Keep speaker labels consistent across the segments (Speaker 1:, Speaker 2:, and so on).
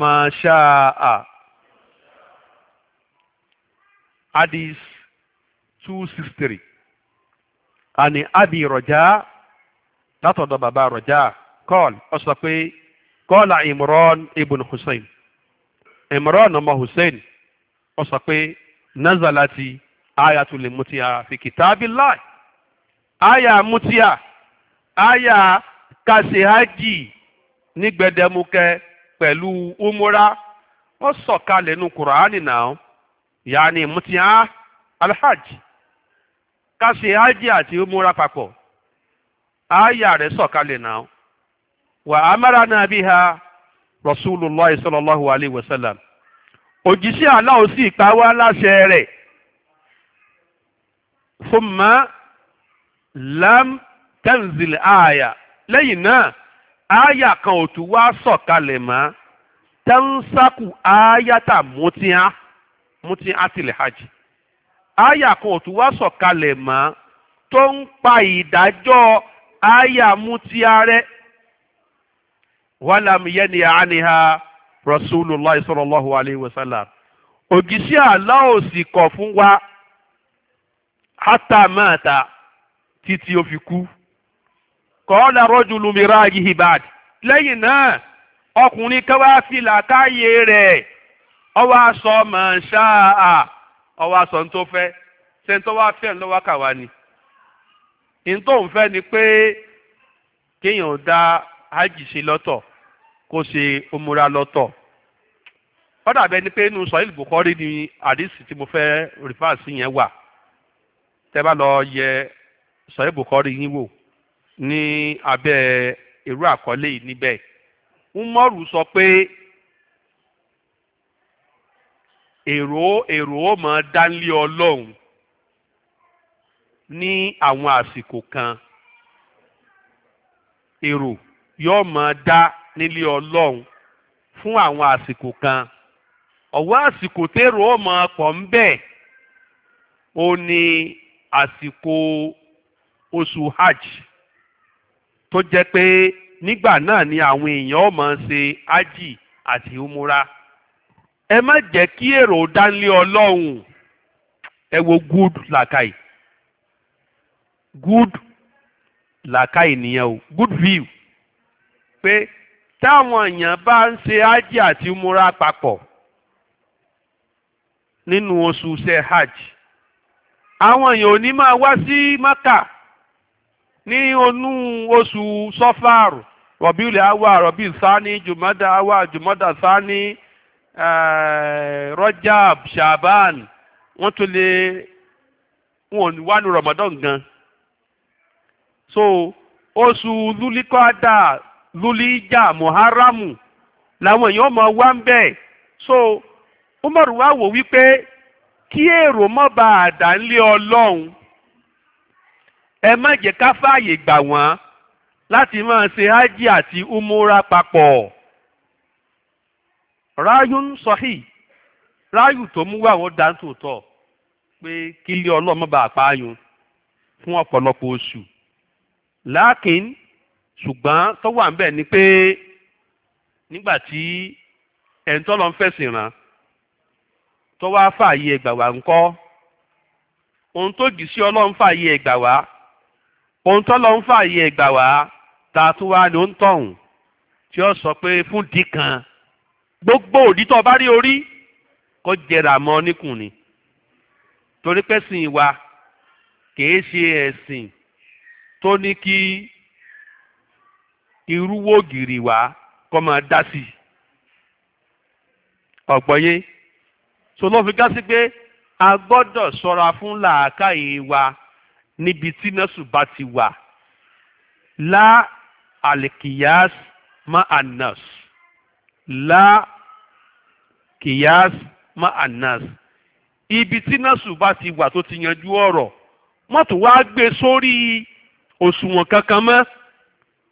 Speaker 1: masha'a hadith 263 ani abi rọjá látọ̀dọ̀ bàbá rọjá kọ́ọ̀l ọ sọ pé kọ́ọ̀lá imran ibn hussein imran ọmọ hussein ọ sọ pé nazalati ayatul mutiya fi kitabillah aya mutiya aya kàṣe hajj gbẹdẹmukẹ pẹ̀lú umura wọ́n sọ̀kalẹ̀ nu kùránì náà yaani mutiya alhaj ká ṣe hajj àti umura papọ̀ àyà rẹ̀ sọ̀kalẹ̀ náà wà á mára náà bí ha rasulullah sallallahu alayhi wa sallam òjíṣẹ́ aláwọ̀ sì pa wá láṣẹ rẹ̀ fúnmá lam tẹ́ǹzìlì àyà lẹ́yìn náà ááyà kan ò tún wá sọ̀kalẹ̀ mọ́ tẹ́ńsákù ááyàtà mútíá mútíá àtìlẹ̀ hajj ááyà kan ò tún wá sọ̀kalẹ̀ mọ́ tó ń pa ìdájọ́ ááyà mútíá rẹ́ wàlámù yẹn ni àánihà rasulullah sallallahu alayhi wa sallam ògìṣẹ́ àlá ò sì kọ̀ fún wa hátà máa ta títí ó fi kú. kọ́ọ̀lá rọ́jù lumira yihibad lẹ́yìn náà ọkùnrin kan wá fi làákàyè rẹ̀ ọwọ́ aṣọ mọ̀ọ́ṣáà ọwọ́ aṣọ tó fẹ́ ṣẹ́ńtọ́ wá fẹ́ lọ́wọ́ kàwá ni ntọ́ ń fẹ́ ni pé kéèyàn da hajj ṣe lọ́tọ̀ kó ṣe umura lọ́tọ̀ ó dàbẹ́ ni pé inú sọ́yìn Bukhari ni àdìsí tí mo fẹ́ rìfáàsì yẹn wà tẹ́ bá lọ yẹ sọ́yìn Bukhari yín wò. ní abẹ́ irú àkọlé yìí níbẹ̀ umaru sọ pé èrò èrò ó mọ dánlé ọlọ́run ní àwọn àsìkò kan èrò yóò mọ dá nílé ọlọ́run fún àwọn àsìkò kan ọ̀wọ́ àsìkò tèrò ó pọ̀ ń bẹ̀ ó ní àsìkò oṣù hajj tó jẹ́ pé nígbà náà ni àwọn èèyàn ó máa ṣe ájì àti umura ẹ má jẹ́ kí èrò dánlé ọlọ́run ẹ wo good làkàì good làkàì nìyẹn o good view pé táwọn èèyàn bá ń ṣe ájì àti umura papọ̀ nínú oṣù ṣe hajj àwọn èèyàn ò ní máa wá sí maka. Si ní onú oṣù sọ́fàr rọ̀bíùlì awa rọ̀bí sani jùmọ́dà awa jùmọ́dà sani eh, rọ́jàb shaban wọ́n tún lè wọn ò wá ramadan gan so oṣù lulikọ́dà lulija muharramu làwọn èèyàn máa wá ń bẹ̀ so umaru wa wò wípé kí èrò mọ́ bá a ọlọ́run ẹ má jẹ́ ká fààyè gbà wọ́n láti máa ṣe hajj àti umura papọ̀. ráyún sọ́hì ráyù tó mú wà wọ́n dáńtò tọ̀ pé kílí ọlọ́mọ bá pààyàn fún ọ̀pọ̀lọpọ̀ oṣù. láàkín ṣùgbọ́n tó wà ń bẹ̀ ni pé nígbà tí ẹ̀ńtọ́ lọ ń fẹ̀sìn rán tó wá fààyè ẹgbà wá ńkọ́ ohun tó jì sí ọlọ́run fààyè ẹgbà wá ohun tó lọ ń fààyè ẹgbà wá ta tún wá ló ń tọ̀hún tí ó sọ pé fún di kan gbogbo òdì tó bá rí orí kó jẹrà mọ́ níkùn ni torí pé sìn wa kìí ṣe ẹ̀sìn tó ní kí irú wògìrì wá kó máa dá sí i ọ̀gbọ́yé so ló fi gá sí pé a gbọ́dọ̀ ṣọ́ra fún làákàyè wa níbi tí nọ́ọ̀sù bá ti wà lá alikiyas ma anas lá kiyas ma anas ibi tí nọ́ọ̀sù bá ti wà tó ti yanjú ọ̀rọ̀ mọ́tò wá gbé sórí òṣùwọ̀n kankan mọ́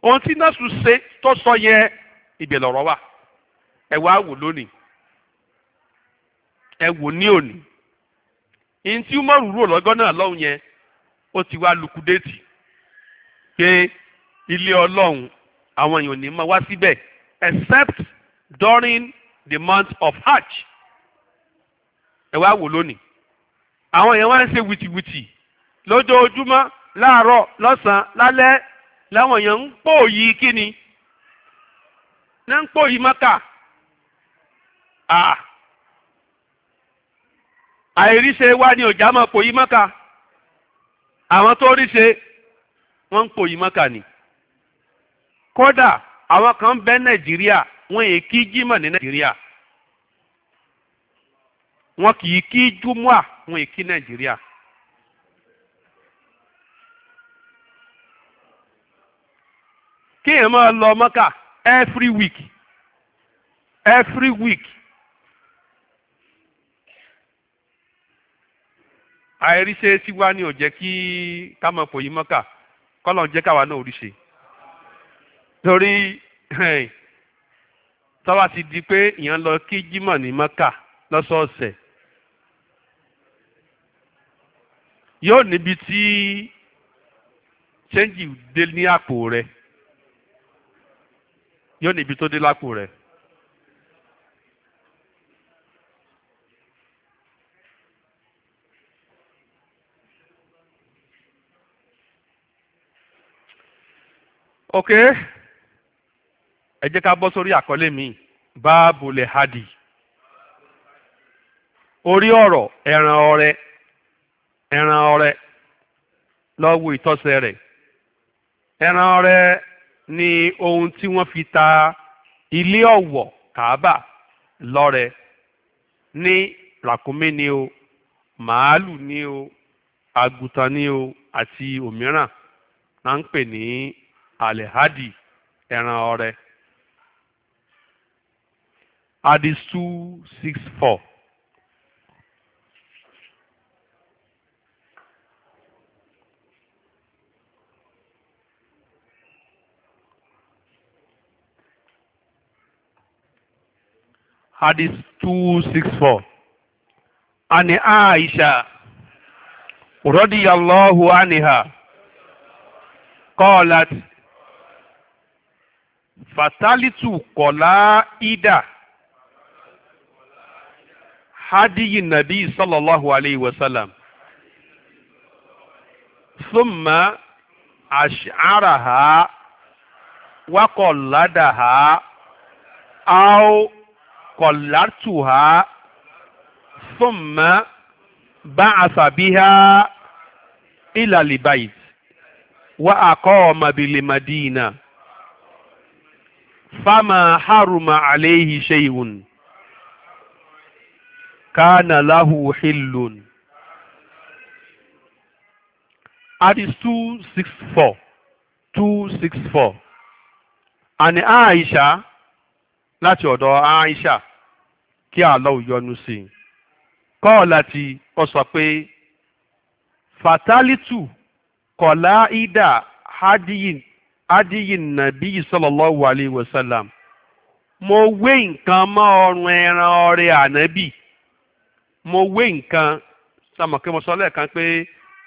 Speaker 1: ohun tí nọ́ọ̀sù ṣe tó sọ yẹn ibẹ̀ lọ̀rọ̀ wà ẹ wá wò lónìí ẹ wò ní òní ìyẹn umaru rò lọ́gọ́ náà lọ́hùn yẹn ó ti wá lukudéètì pé ilé ọlọ́run àwọn èèyàn ní máa wá síbẹ̀ except during the month of hajj ẹ wá wò lónìí àwọn èèyàn wá ń ṣe wìtìwìtì lójoojúmọ́ láàárọ̀ lọ́sàn-án lálẹ́ láwọn èèyàn ń pòòyì kíni ní ń pòòyì mọ́kà ah! àìríṣe wá ní ọjà máa pòòyì mọ́kà. àwọn tó rí ṣe wọ́n ń pò yìí mọ́kà ni kódà àwọn kan bẹ nàìjíríà wọ́n yìí kí jímọ̀ ní nàìjíríà wọ́n kì í kí júmọ́à wọ́n yìí kí nàìjíríà. kéèyàn máa lọ mọ́kà every week every week àìríṣẹ́ sí wa ni ò jẹ́ kí ká mọ̀ fòyí mọ́kà kọ́lọ̀ jẹ́ káwa náà oríṣe torí tọ́wá ti di pé ìyẹn lọ kí jímọ̀ ní mọ́kà lọ́sọ̀ọ̀sẹ̀ yóò níbi tí ṣẹ́ńjì dé ní àpò rẹ̀ yóò níbi tó dé lápò rẹ̀ ok ẹ jẹ́ ká bọ́ sórí àkọlé mi báàbù lè hadi orí ọ̀rọ̀ ẹran ọrẹ ẹran ọrẹ lọ wo ìtọ́sẹ̀ rẹ̀ ẹran ọrẹ ni ohun tí wọ́n fi ta ilé ọ̀wọ̀ kàábà lọ́rẹ ní ràkúnmí ni o màálù ni o àgùntàn ni o àti òmíràn náà ń pè ní alihadi ẹran ọrẹ hadith two six four. hadith 264 ani aisha radiyallahu anha qalat fatalitu kọ̀lá ida hadiyi nabi sallallahu alayhi wa sallam thumma ash'araha wa qalladaha aw qallartuha thumma ba'atha biha ila albayt wa aqama bil madina fama haruma alayhi shay'un kana lahu hillun hadith 264 264 àní Aisha láti ọ̀dọ̀ Aisha kí Allah yọ́nú sí i kọ́ọ̀lá tí ó sọ pé fatalitu kọ̀láìdà hadiyin adiyin nàbí sallallahu alayhi wa sallam mo wé nǹkan mọ́ ọrùn ẹran ọrẹ ànábì mo wé nǹkan sàmọ̀ kí mo sọ lẹ́ẹ̀kan pé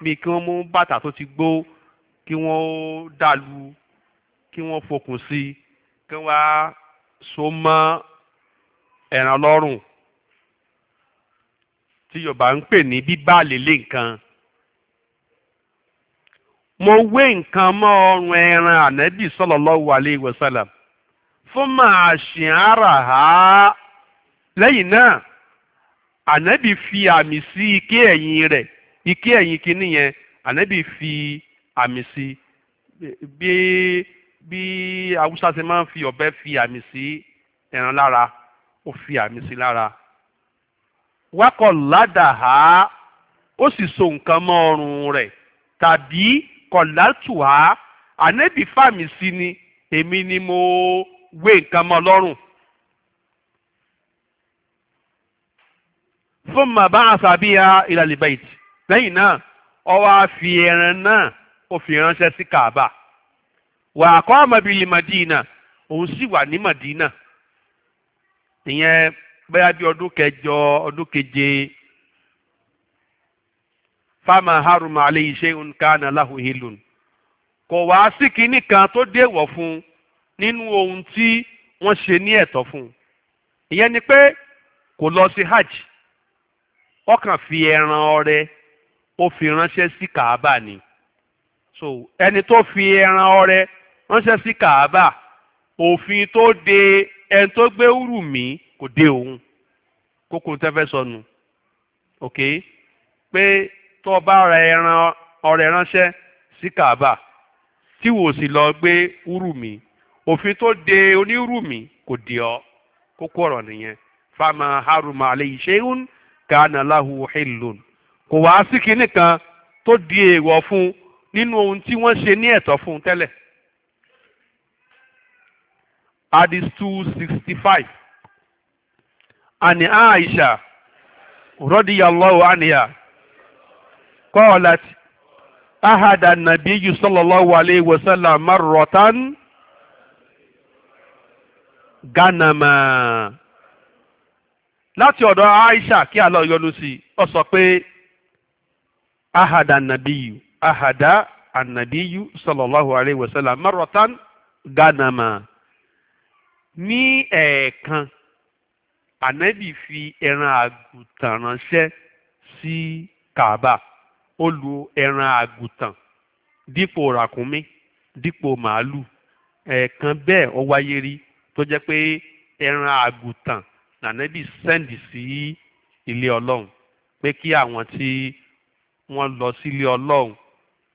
Speaker 1: mi kí wọ́n mú bàtà tó ti gbó kí wọ́n dàlú kí wọ́n fokùn sí i kí wọ́n á so mọ́ ẹran lọ́rùn tí Yorùbá ń pè ní bíbá àlélé nǹkan mo wé nǹkan mọ́ ọrùn ẹran ànábì sallallahu alayhi wa sallam fún màá ṣì ń ara ha lẹ́yìn náà ànábì fi àmì sí ike ẹ̀yìn rẹ̀ ike ẹ̀yìn kínní yẹn ànábì fi àmì sí bí bí haúsá ti máa ń fi ọ̀bẹ fi àmì sí ẹran lára ó fi àmì sí lára wákọ̀ ládàá ó sì so nǹkan mọ́ ọrùn rẹ̀ tàbí kọ̀látùá ànẹ́bì fàmì sí ni èmi ni mo wé nǹkan mọ́ lọ́rùn. fún màbá àṣàbíyá ìlàlìbẹ̀t lẹ́yìn náà ó wá fi ẹran náà ó fi ránṣẹ́ sí Kaaba wà á kọ́ ọmọbìnrin Madina òun sì wà ní Madina ìyẹn bẹ́ẹ̀ bí ọdún kẹjọ ọdún keje fama haruma aleyhi seun kana lahu hilun kò wá sí kinní kan tó déwọ̀ fún nínú ohun tí wọ́n ṣe ní ẹ̀tọ́ fún ìyẹn ni pé kò lọ sí hajj ọkàn fi ẹran ọrẹ ó fi ránṣẹ́ sí kaaba ni so ẹni tó fi ẹran ọrẹ ránṣẹ́ sí kaaba òfin tó de ẹni tó gbé wúrù mí kò dé òun kókò tẹ́fẹ́ sọnù ok pé tó bá ra ẹran ọrẹ ránṣẹ́ sí Kaaba tí wò sì lọ gbé urumi òfin tó de onírùmí kò di ọ kókó ọ̀rọ̀ nìyẹn fama haruma aleyhi seun kana lahu hilun kò wá sí kinní kan tó di èèwọ̀ fún nínú ohun tí wọ́n ṣe ní ẹ̀tọ́ fún tẹ́lẹ̀. Hadis two sixty five ani Aisha radiyallahu anha. قالت أحد النبي صلى الله عليه وسلم مرة غنما láti ọ̀dọ̀ Aisha kí Allah yọ́nú sí ọ sọ pé ahada nabiyu ahada anabiyu sallallahu alayhi wa marotan ganama ní ẹ̀ẹ̀kan anabi fi ẹran àgùntàn ránṣẹ́ Kaaba. ó lu ẹran àgùntàn dípò ràkúnmí dípò màálù ẹ̀ẹ̀kan bẹ́ẹ̀ ó wáyé rí tó jẹ́ pé ẹran àgùntàn nànẹ́bì sẹ́ǹdì sí ilé ọlọ́run pé kí àwọn tí wọ́n lọ sílé ọlọ́run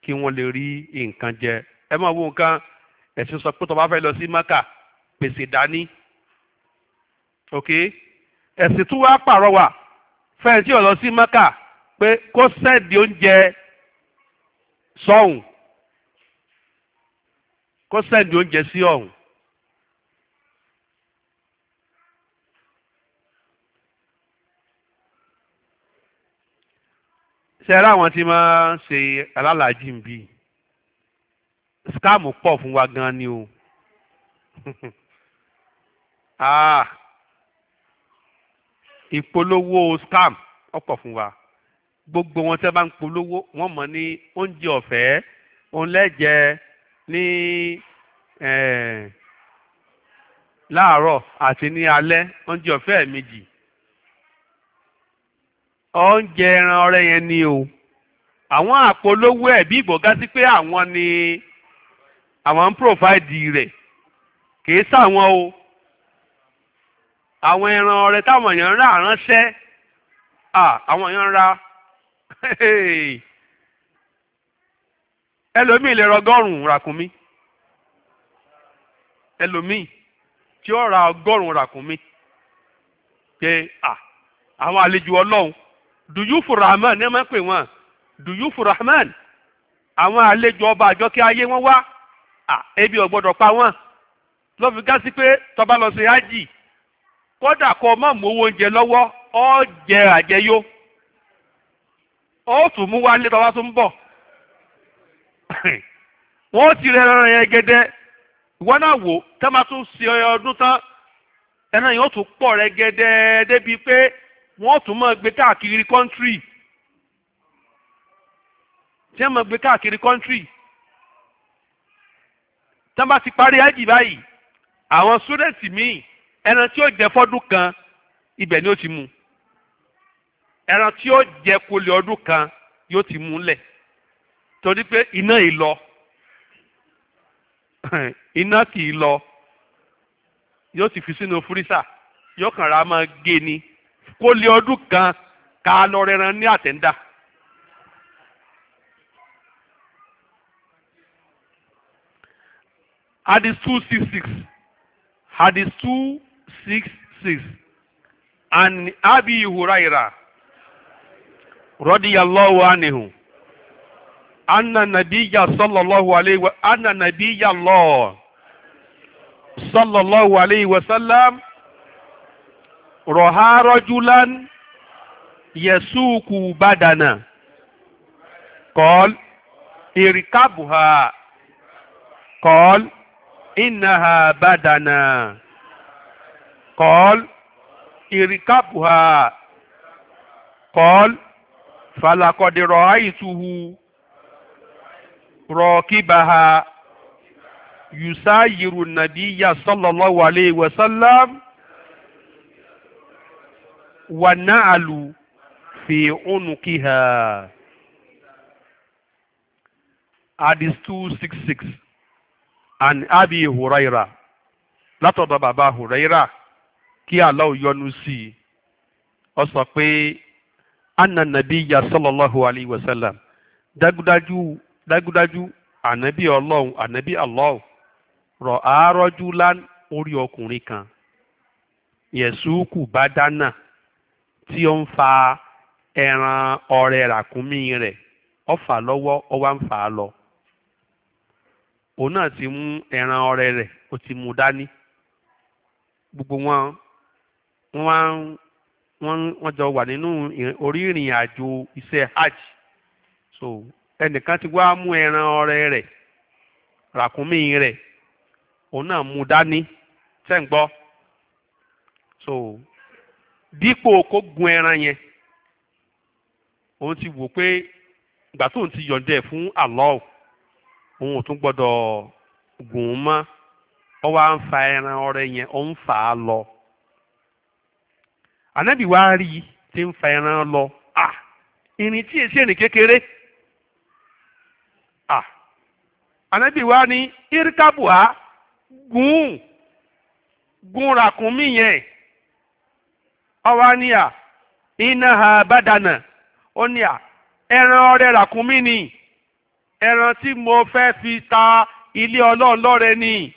Speaker 1: kí wọ́n lè rí nǹkan jẹ ẹ máa wo nǹkan ẹ̀sìn sọ pé tó fẹ́ lọ sí Mákà pèsè dání ok ẹ̀sìn tún wá pàrọwà fẹ́ẹ̀ tí ò lọ sí Mákà pé kó sẹ́ẹ̀dì oúnjẹ sọ́hùn kó sẹ́ẹ̀dì oúnjẹ sí ọ̀hún. sẹ́ẹ̀rẹ́ àwọn tí máa ń ṣe alálàájì ń bí skáàmù pọ̀ fún wa gan ni o ah ìpolówó scam ọ̀pọ̀ fún wa gbogbo wọn tẹ́ bá ń polówó wọ́n mọ̀ ní oúnjẹ ọ̀fẹ́ òun lẹ́jẹ̀ ní eh, láàárọ̀ àti ní alẹ́ oúnjẹ ọ̀fẹ́ méjì oúnjẹ ẹran ọrẹ yẹn ni o àwọn àpolówó ẹ̀ bí ìgbọ̀gá sí pé àwọn ni àwọn ń pòfáìdì rẹ̀ kìí sáwọn o àwọn ẹran ọrẹ táwọn èèyàn ń rà ránṣẹ́ àwọn èèyàn ń ra ẹlòmíì lè ra ọgọ́rùn-ún ràkúnmí ẹlòmíì tí ó ra ọgọ́rùn-ún ràkúnmí pé àwọn àlejò ọlọ́run dùyúfù rahman ní ẹ máa ń pè wọ́n dùyúfù rahman àwọn àlejò ọba àjọkẹ́ ayé wọ́n wá ebi ò gbọ́dọ̀ pa wọ́n ló fi gásí pé tó bá lọ sí ájì kódà kó má mú owó oúnjẹ lọ́wọ́ ó jẹ àjẹyó ó tún mú wálé tọ́wá tó ń bọ̀ wọ́n ti rẹ ẹran yẹn gẹ́dẹ́ ìwọ náà wò tá máa tún ṣe ọdún tán ẹran yẹn ó tún pọ̀ rẹ gẹ́dẹ́ débi pé wọ́n tún máa gbé káàkiri kọ́ńtírì tí wọ́n máa gbé káàkiri kọ́ńtírì tí wọ́n bá ti parí ájì báyìí àwọn sódẹ́ǹtì míì ẹran tí ó jẹ fọ́dún kan ibẹ̀ ni ó ti mú un. ẹran tí ó jẹ kulè ọdún kan yóò ti múlẹ̀ torí pé iná yìí lọ iná kì í lọ yóò ti fi sínú fúrísà yóò kàn ra máa gé ni kó ọdún kan ká lọ rẹran ní àtẹ̀ńdà. Hadith two six six Hadith two six six and Abi Hurairah. رضي الله عنه أن النبي صلى الله عليه وأن النبي الله صلى الله عليه وسلم رها رجلا يسوق بدنا قال اركبها قال إنها بدنا قال اركبها قال falakọ̀dìrọ̀ àìtuhu rọ̀kíbaha yusayiru nàbíyà sallallahu alayhi wa sallam wà náàlù fi unukiha. Hadith 266 an Abi Huraira látọ̀dọ̀ bàbá Huraira kí Allah yọ́nú sí i. Ó sọ pé anna nabiya sallallahu alayhi wa sallam dagudaju dagudaju anabi ọlọ́run anabi allah rọ àárọ̀jú lan orí ọkùnrin kan yẹ̀sùkù bá dáná tí ó ń fa ẹran ọrẹ ràkúnmí rẹ̀ ọfà lọ́wọ́ ọwá ń fà á lọ òun náà ti mú ẹran ọrẹ rẹ̀ ó ti mú dání gbogbo wọn wọn wọ́n wọ́n jọ wà nínú orí ìrìn àjò iṣẹ́ hajj so ẹnìkan ti wá mú ẹran ọrẹ rẹ ràkúnmí rẹ òun náà mú dání tẹ́ ń gbọ́ so dípò kó gun ẹran yẹn òun ti wò pé ìgbà tóun ti yọ̀ǹda ẹ̀ fún àlọ́ òun ò tún gbọ́dọ̀ gùn ún mọ́ ọ wá ń fa ẹran ọrẹ yẹn ó ń fà á lọ. ànábì wa rí i tí ń fa ẹran lọ à ìrìn tí èsì ẹ̀rìn kékeré à ànábì wa ní irikabua gùn gùn ràkúnmí yẹn ọwọ́ ní à iná ha bàdànà ó ní à ẹran ọrẹ ràkúnmí ni ẹran tí mo fẹ́ fi ta ilé ọlọ́run lọ́rẹ ni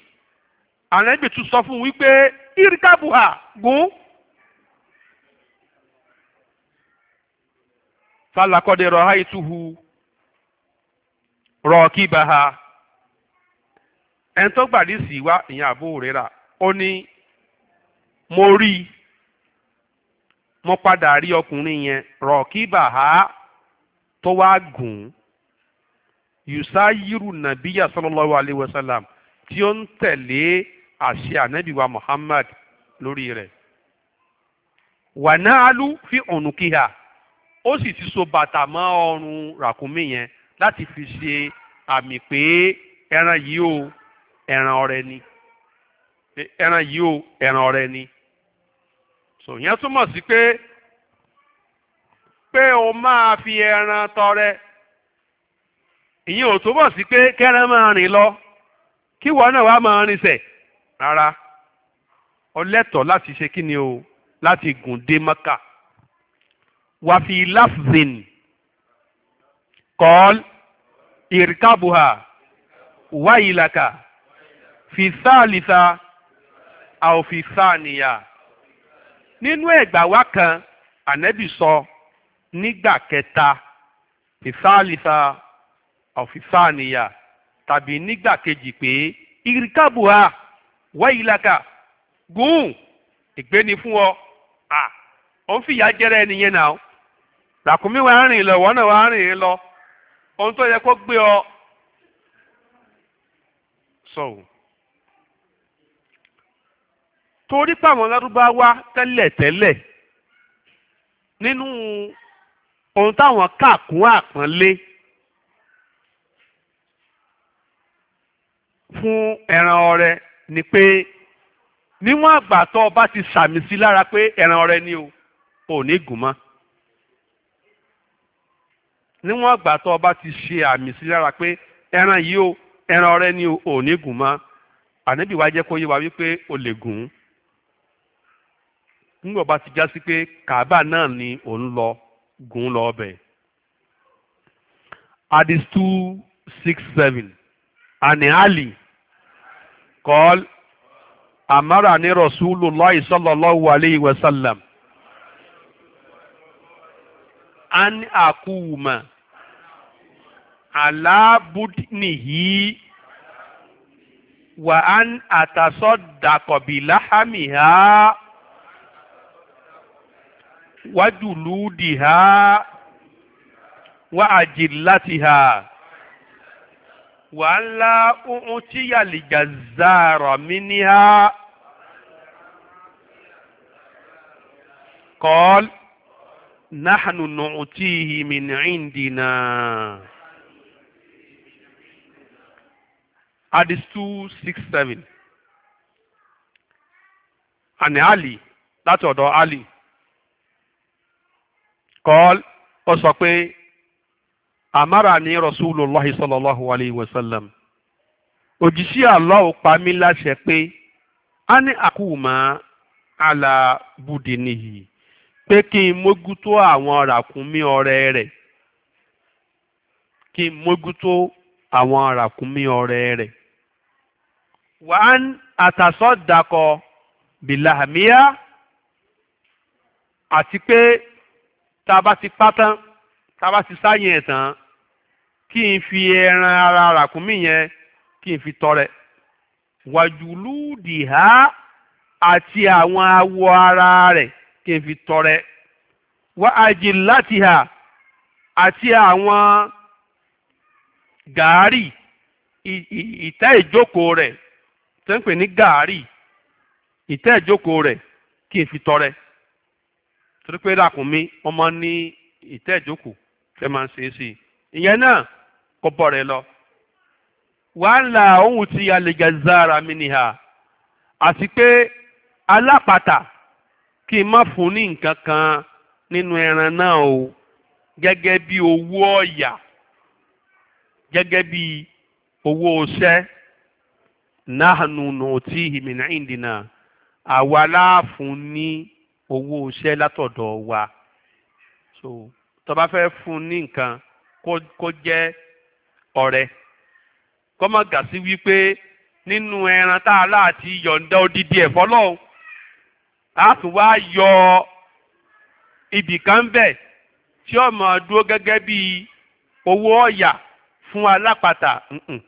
Speaker 1: ànábì tún sọ fún wípé irikabua gùn. falakọ́dé rọ̀ àìtúhu rọ̀ kíbaha ẹni tó gbàdí sí wá ìyẹn àbú rírà ó ní mo rí i mo padà rí ọkùnrin yẹn rọ̀ tó wá gùn ún yusayiru nabiya sallallahu alayhi wa sallam tí ó ń tẹ̀lé àṣẹ ànábìwa muhammad lórí rẹ̀ wà náà lù fi ònùkìhà ó sì ti so bàtà mọ́ ọrùn ràkúnmí yẹn láti fi ṣe àmì pé ẹran yìí o ẹran ọrẹ ni ẹran yìí o ẹran ọrẹ ni so yẹn túmọ̀ sí pé pé o máa fi ẹran tọrẹ ìyẹn ò túmọ̀ sí pé kẹran máa rìn lọ kí wọn náà wá máa rìn sẹ̀ rárá ọlẹ́tọ̀ láti ṣe kí ni o láti gùn dé mọ́kà. وفي لفظ قال اركبها ويلك في الثالثة أو في الثانية nínú ẹ̀gbà wa kan ànẹ́bì sọ nígbà kẹta fìfáàlìfà ọ̀fìfáàníyà tàbí nígbà kejì pé irikabuha, wáyìlákà gùn ìgbéni fún ọ à ó ń fìyà jẹrẹ ẹnìyẹn náà làkúnmí wàá rìn lọ ìwọ náà wàá rìn lọ ohun tó yẹ kó gbé ọ sọ̀rọ̀ torí pàwọn lárúbáwá tẹ́lẹ̀tẹ́lẹ̀ nínú ohun táwọn kà kún àpọ́nlé fún ẹran ọrẹ ni pé níwọ̀n àgbà tó ti sàmì sí lára pé ẹran ọrẹ ni o ò ní gùn mọ́ níwọ̀n ìgbà tó o bá ti ṣe àmì sí lára pé ẹran yìí o ẹran ọrẹ ni ò ní gùn mọ́ ànábì wa jẹ́ kó yé wa wípé o lè gùn nígbà bá ti já sí pé kàábà náà ni ò ń lọ gùn lọ ọbẹ̀. Hadith two six seven Ani Ali kọ́l Amara ni Rasulullah sallallahu alayhi wa sallam. أن أقوم على بدنه وأن أتصدق بلحمها وجلودها وأجلتها ولا أعطي الجزار منها قال nahnu nu'tihi min indina. Hadith 267. Àní Ali láti ọ̀dọ̀ Ali. Kọ́l ọsọ sọ pé Àmàrà ni Rasulullahi sallallahu alayhi wa sallam. Òjíṣẹ́ Allah pa mí láṣẹ pé, "A na àkùmá àlà bùdì pé kí n mójútó àwọn ràkúnmí ọrẹ rẹ̀ kí n mójútó àwọn ràkúnmí ọrẹ rẹ̀ wàá àtàsọ́dàkọ bìlàmíà àti pé tá a bá ti pa tán tá a bá ti sáyẹn tán kí n fi ẹran ara ràkúnmí yẹn kí n fi tọrẹ wàjúlúdìhá àti àwọn awọ ara rẹ̀ kí n fi tọrẹ wá àjì láti hà àti àwọn gàárì ìtá ìjókòó rẹ̀ tó ń pè ní gàárì ìtá ìjókòó rẹ̀ kí n fi tọrẹ torí pé ní ìtá ìjókòó fẹ́ máa ń ṣe é sí i ìyẹn náà kọ́ bọ̀ rẹ̀ lọ wàhálà ohun kí n má fún ní nǹkan kan nínú ẹran náà o gẹ́gẹ́ bí owó ọ̀yà gẹ́gẹ́ bí owó ọṣẹ́ nahanu nùtí ìmìnà ìdìnnà àwa láàfún ní owó ọṣẹ́ látọ̀dọ̀ wa so tó fẹ́ fún ní nǹkan kó jẹ́ ọrẹ kọ́mọ̀gà sí wípé nínú ẹran tá a láti yọ̀ǹda odidi ẹ̀fọ́ lọ́wọ́ a wá yọ ibì kan bẹ̀ tí ó máa dúró gẹ́gẹ́ bí owó ọ̀yà fún alápàtà àwọn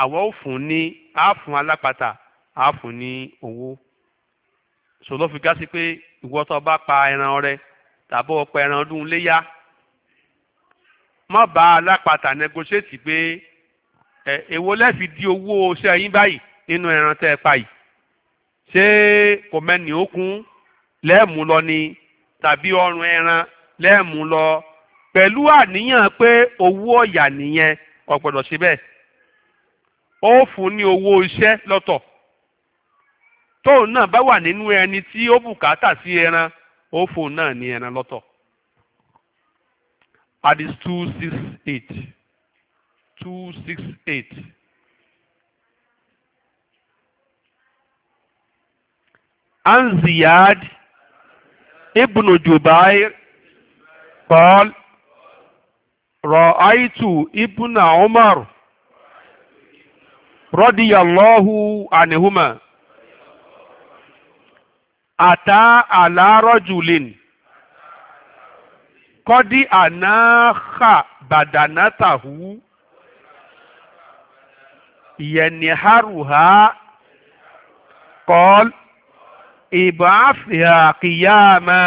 Speaker 1: awọ ofu ní a fún alápàtà a fún ní owó so fi gá pé tó pa ẹran rẹ tàbí ọ̀pọ̀ ẹran ọdún léyà má bá alápàtà negotiate pé ẹ èwo di owó báyìí nínú ẹran tẹ́ pa yìí ṣé kò mẹ́ni ó kún lẹ́ẹ̀mú lọ ni tàbí ọrùn ẹran lẹ́ẹ̀mú lọ pẹ̀lú àníyàn pé owó ọ̀yà nìyẹn ò gbọ́dọ̀ ṣe bẹ́ẹ̀ ó fún ní owó iṣẹ́ lọ́tọ̀ tóun náà bá wà nínú ẹni tí ó bùkátà sí ẹran ó fún náà ní ẹran lọ́tọ̀ hadith two six eight two six eight. عن زياد ابن جبير قال رأيت ابن عمر رضي الله عنهما أتى على رجل قد أناخ بدنته ينهرها قال ìbáfíà kiyama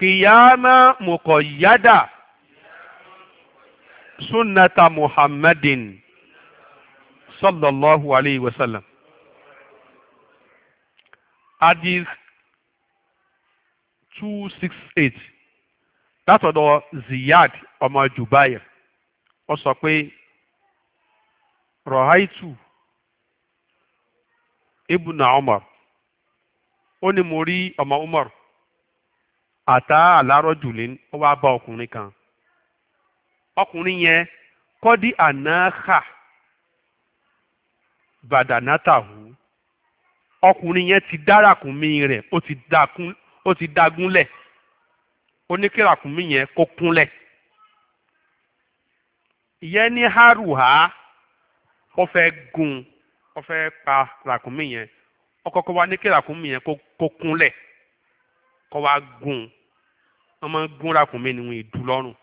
Speaker 1: kìyàmà mùkọ̀yádà sunnata muhammadin sallallahu alayhi wa sallam hadith 268 six eight látọ̀dọ̀ ziyad ọmọ jubair ó sọ pé rọ̀háìtù ibùnà Umar ó ní mo rí ọmọ Umar àtà àlárọ̀ jùlẹ̀ ó wá bá ọkùnrin kan ọkùnrin yẹn kọ́dí ànáhà bàdànátàhù ọkùnrin yẹn ti dárakùnmí rẹ̀ ó ti dagúnlẹ̀ ó ní kírakùnmí yẹn kó kúnlẹ̀ ìyẹn ní haruha ó fẹ́ gun ó fẹ́ pa ràkúnmí yẹn ó kọ́kọ́ wá ní kí ràkúnmí yẹn kó kúnlẹ̀ kó wá gún wọ́n máa ń gún ràkúnmí ni wọ́n ìdú lọ́rùn.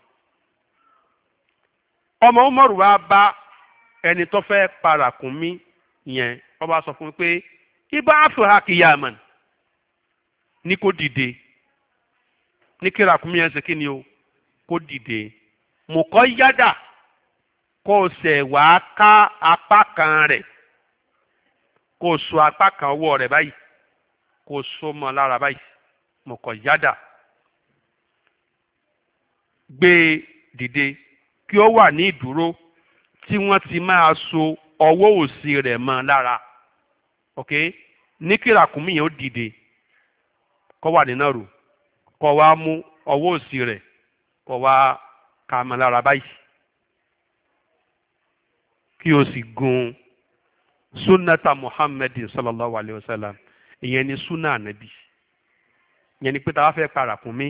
Speaker 1: ọmọ Umaru wá bá ẹni tó fẹ́ pa ràkúnmí yẹn ó bá sọ fún mi pé ibà áfíríkà kìyàmọ̀ ní kó dìde ní kí ràkúnmí yẹn ṣe kí ni o kó dìde mọ̀kọ́ yádà kó o ṣẹ̀ wá ká apá kan rẹ̀ kó o so apá kan ọwọ́ rẹ̀ báyìí kó o so mọ́ lára báyìí mọ̀kọ̀ yádà gbé e dìde kí ó wà ní ìdúró tí wọ́n ti máa so ọwọ́ òsì rẹ̀ mọ́ lára ok ní kí ràkúnmí ó dìde kó wà nínú rò kó wá mú ọwọ́ òsì rẹ̀ kó wá ka mọ́ lára báyìí kí o sì gun sunnata muhammed sallallahu alaihi wasallam ihe ìyẹn ni suna anabi ìyẹn ni pé tá a fẹ́ pa ràkúnmí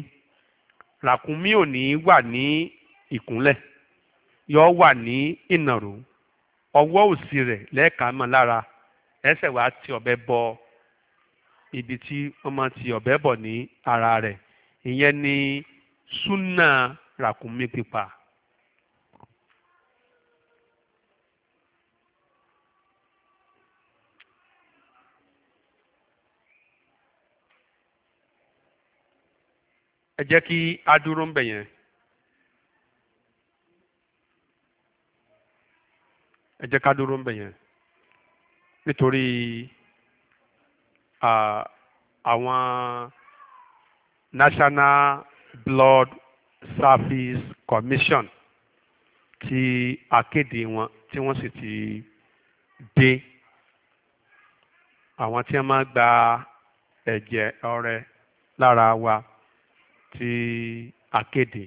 Speaker 1: ràkúnmí ò ní wà ní ìkúnlẹ̀ yọ wà ní ìnàró ọwọ́ òsì rẹ̀ lẹ́ẹ̀kan mọ́ lára ẹsẹ̀ ti ọ̀bẹ bọ ibi tí wọ́n máa ti obe bọ̀ ní ara rẹ̀ ìyẹn ni suna ràkúnmí pípa. ẹ jẹ́ kí a dúró ń bẹ̀ yẹn. ẹ ká dúró ń bẹ̀ yẹn nítorí àwọn National Blood Service Commission Ti akéde wọn tí wọ́n sì ti dé àwọn tí wọ́n máa gba ẹ̀jẹ̀ ọrẹ lára wa tí a kéde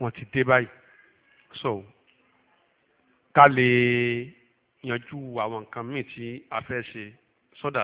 Speaker 1: wọ́n ti dé báyìí so ká lè yanjú àwọn nǹkan míì tí a fẹ́ ṣe sódà